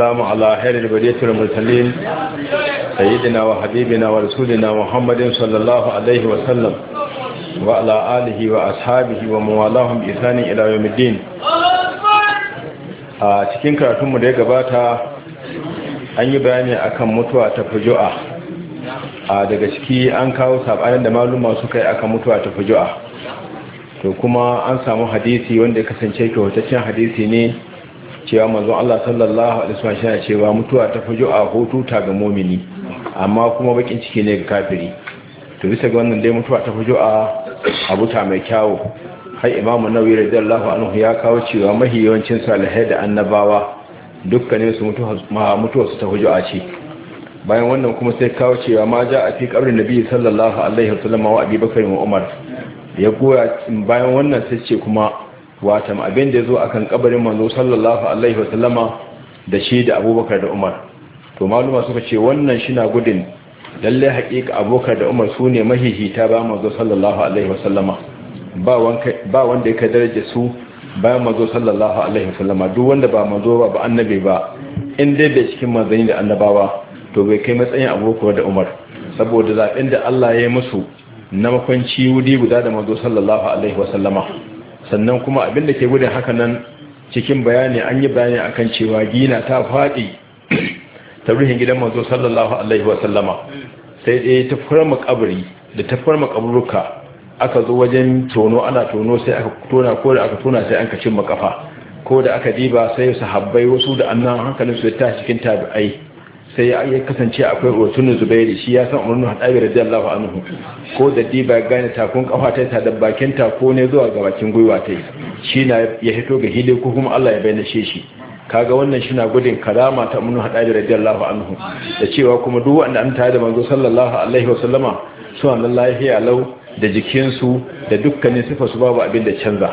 السلام على خير البرية المرسلين سيدنا وحبيبنا ورسولنا محمد صلى الله عليه وسلم وعلى آله وأصحابه وموالاهم بإحسان إلى يوم الدين a cikin karatunmu da ya gabata an yi bayani akan mutuwa ta fuju'a a daga ciki an kawo sabanin da maluma suka yi akan mutuwa ta fuju'a to kuma an samu hadisi wanda ya kasance kyautaccen hadisi ne cewa manzon Allah sallallahu alaihi wasallam yana cewa mutuwa ta fujo a hutu ta ga mu'mini amma kuma bakin ciki ne ga kafiri to bisa ga wannan dai mutuwa ta fujo a ta mai kyawu har imamu nawawi radiyallahu anhu ya kawo cewa mahi yawancin salihai da annabawa dukkanin su mutuwa su ta fujo a ce bayan wannan kuma sai kawo cewa ma ja a fi kabrin nabi sallallahu alaihi wasallam wa abi bakari wa umar ya goya bayan wannan sai ce kuma watan abin da ya zo a kan kabarin manzo sallallahu alaihi wasallama da shi da abubakar da umar to maluma suka ce wannan shi na gudun lallai haƙiƙa abubakar da umar su ne mahihita ba manzo sallallahu alaihi wasallama ba wanda ya ka daraja su bayan manzo sallallahu alaihi wasallama duk wanda ba manzo ba ba annabi ba in dai bai cikin manzani da annabawa to bai kai matsayin abubakar da umar saboda zaɓen da Allah ya yi musu na makwanci wuri guda da manzo sallallahu alaihi wasallama sannan kuma abin da ke gudun nan, cikin bayani an yi bayani akan cewa gina ta faɗi ta ruhin gidan manzo sallallahu alaihi wa sai dai ta fara makabari da ta fara makabruka aka zo wajen tono ana tono sai aka tona ko da aka tona sai an kacin makafa ko da aka diba sai sahabbai wasu da annan hankalin su ya tashi cikin tabi'ai sai ya kasance akwai otun zubairi shi ya san umarnin haɗabi radiyallahu anhu ko da diba gane takun kafa ta ta da bakin tako ne zuwa ga bakin gwiwa ta shi na ya hito ga hili ko kuma Allah ya bayyana shi shi kaga wannan shi na gudun kalama ta umarnin haɗabi radiyallahu anhu da cewa kuma duk wanda an tare da manzo sallallahu alaihi wa sallama suna lallahi lau da jikinsu da dukkanin sifarsu babu abin da canza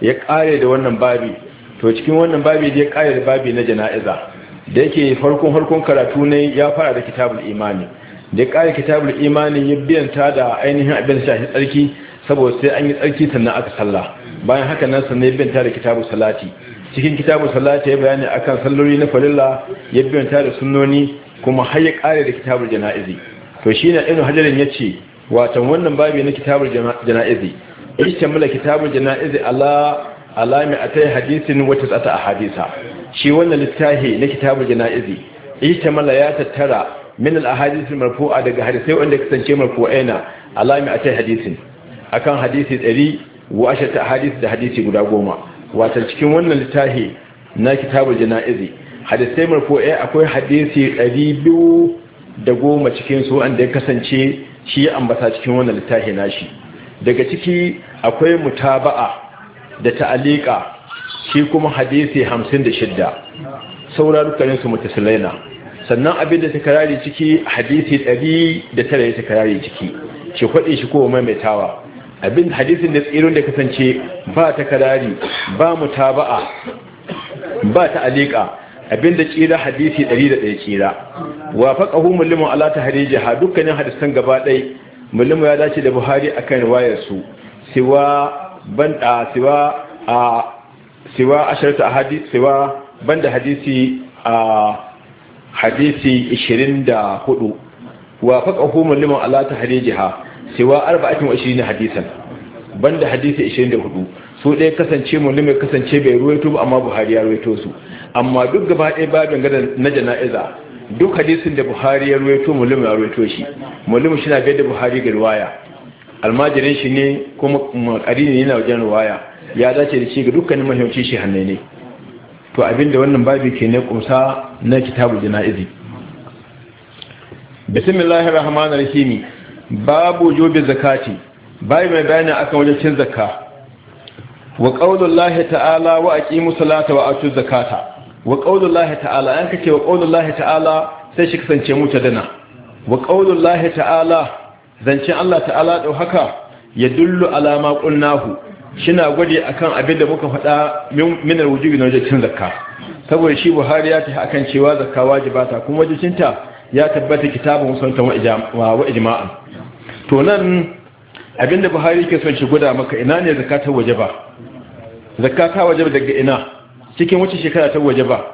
ya kare da wannan babi to cikin wannan babi da ya kare da babi na jana'iza da yake farkon farkon karatu ne ya fara da kitabul imani da ya kare kitabul imani ya biyanta da ainihin abin shahin tsarki saboda sai an yi tsarki sannan aka sallah bayan haka nan sannan ya biyanta da kitabul salati cikin kitabul salati ya bayani akan salloli na farilla ya biyanta da sunnoni kuma har ya kare da kitabul jana'izi to shine ibn hajarin yace watan wannan babi na kitabul jana'izi ishtamala kitabul jana'izi ala alami atai hadisin tsata a hadisa. shi wannan littafi na kitabul jana'izi mala ya tattara min al ahadith marfu'a daga hadisai wanda kasance marfu'aina alami atai hadisin akan hadisi 100 wa ashata hadith da hadisi guda goma wato cikin wannan littafi na kitabul jana'izi hadisai marfu'a akwai hadisi 200 da goma cikin su wanda ya kasance shi ambata cikin wannan littafi nashi daga ciki akwai mutaba'a da ta'alika shi kuma hadisi hamsin da shidda saura dukkaninsu mutasalaina sannan abin da ta karari ciki hadisi ɗari da tara ya ta karari ciki ce kwaɗe shi ko maimaitawa abin hadisin da tsirin da kasance ba ta karari ba mu taba'a ba ta alika abin da tsira hadisi ɗari da ɗaya tsira wa hu mulimu ala ta ha dukkanin hadisan gaba ɗai mulimu ya dace da buhari akan riwayar siwa banɗa, siwa a siwa asharta ahadith siwa banda hadisi a hadisi 24 wa faqahu mulman ala tahrijiha siwa 24 hadisan banda hadisi 24 su dai kasance mulmi kasance bai ruwaito ba amma buhari ya ruwaito su amma duk gaba ɗaya babin gadan na jana'iza duk hadisin da buhari ya ruwaito mulmi ya ruwaito shi mulmi shi na gaida da buhari ga riwaya almajirin shi ne kuma makarini yana wajen ruwaya ya dace da shi ga dukkanin mahimmanci shi hannu ne to abinda wannan babi ke ne kumsa na kitabu jana'izi bismillahir rahmanir rahim babu jobe zakati bai mai bayani akan wajen cin zakka wa qaulullahi ta'ala wa aqimu salata wa atu zakata wa qaulullahi ta'ala an kace wa qaulullahi ta'ala sai shi kasance mutadana wa qaulullahi ta'ala zancen Allah ta'ala ɗau haka ya dullu alama ƙulnahu shina gwade akan abin da muka faɗa minar wujubi na wajibcin zakka saboda shi buhari ya tafi akan cewa zakka ta, kuma wajicinta ya tabbata kitabun musamman wa ijma'an to nan abin da buhari ke son shi guda maka ina ne zakka ta ba, zakka ta waje daga ina cikin wace shekara ta waje ba.